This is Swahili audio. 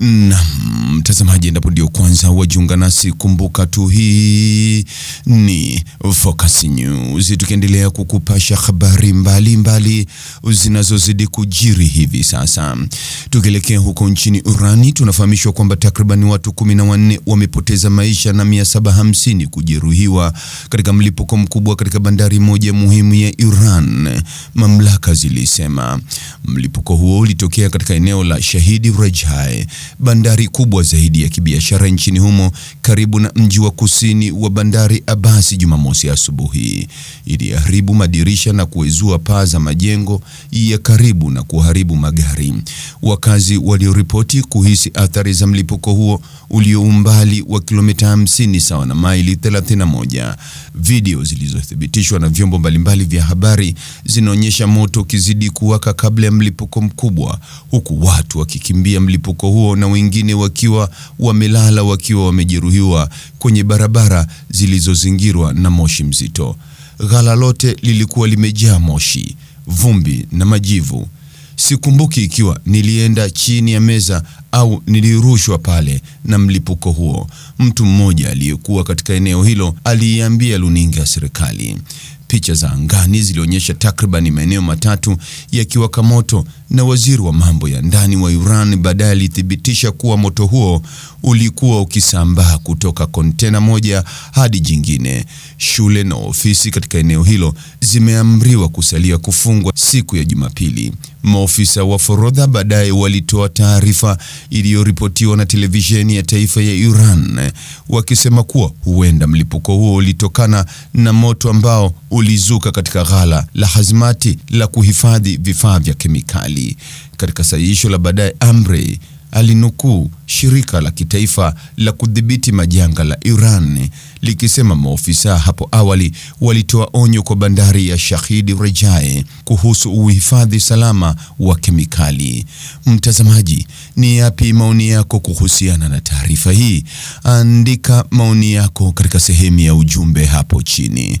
na mtazamaji, endapo ndio kwanza wajiunga nasi, kumbuka tu hii Focus News tukiendelea kukupasha habari mbalimbali zinazozidi kujiri hivi sasa. Tukielekea huko nchini Irani, tunafahamishwa kwamba takriban watu 14 wamepoteza maisha na 750 kujeruhiwa katika mlipuko mkubwa katika bandari moja muhimu ya Iran, mamlaka zilisema. Mlipuko huo ulitokea katika eneo la Shahidi Rajai, bandari kubwa zaidi ya kibiashara nchini humo, karibu na mji wa kusini wa bandari Abasi Jumamosi yake asubuhi. Iliharibu madirisha na kuezua paa za majengo ya karibu na kuharibu magari. Wakazi walioripoti kuhisi athari za mlipuko huo ulio umbali wa kilomita 50 sawa na maili 31. Video zilizothibitishwa na vyombo mbalimbali vya habari zinaonyesha moto ukizidi kuwaka kabla ya mlipuko mkubwa, huku watu wakikimbia mlipuko huo na wengine wakiwa wamelala wakiwa wamejeruhiwa kwenye barabara zilizozingirwa na moshi moshi mzito. Ghala lote lilikuwa limejaa moshi, vumbi na majivu. Sikumbuki ikiwa nilienda chini ya meza au nilirushwa pale na mlipuko huo. Mtu mmoja aliyekuwa katika eneo hilo aliiambia luninga ya serikali. Picha za angani zilionyesha takriban maeneo matatu yakiwaka moto na waziri wa mambo ya ndani wa Iran baadaye alithibitisha kuwa moto huo ulikuwa ukisambaa kutoka kontena moja hadi jingine. Shule na ofisi katika eneo hilo zimeamriwa kusalia kufungwa siku ya Jumapili. Maofisa wa forodha baadaye walitoa taarifa iliyoripotiwa na televisheni ya taifa ya Iran wakisema kuwa huenda mlipuko huo ulitokana na moto ambao ulizuka katika ghala la hazmati la kuhifadhi vifaa vya kemikali. Katika sahihisho la baadaye, Amri alinukuu shirika la kitaifa la kudhibiti majanga la Iran likisema maofisa hapo awali walitoa onyo kwa bandari ya Shahidi Rajae kuhusu uhifadhi salama wa kemikali. Mtazamaji, ni yapi maoni yako kuhusiana na taarifa hii? Andika maoni yako katika sehemu ya ujumbe hapo chini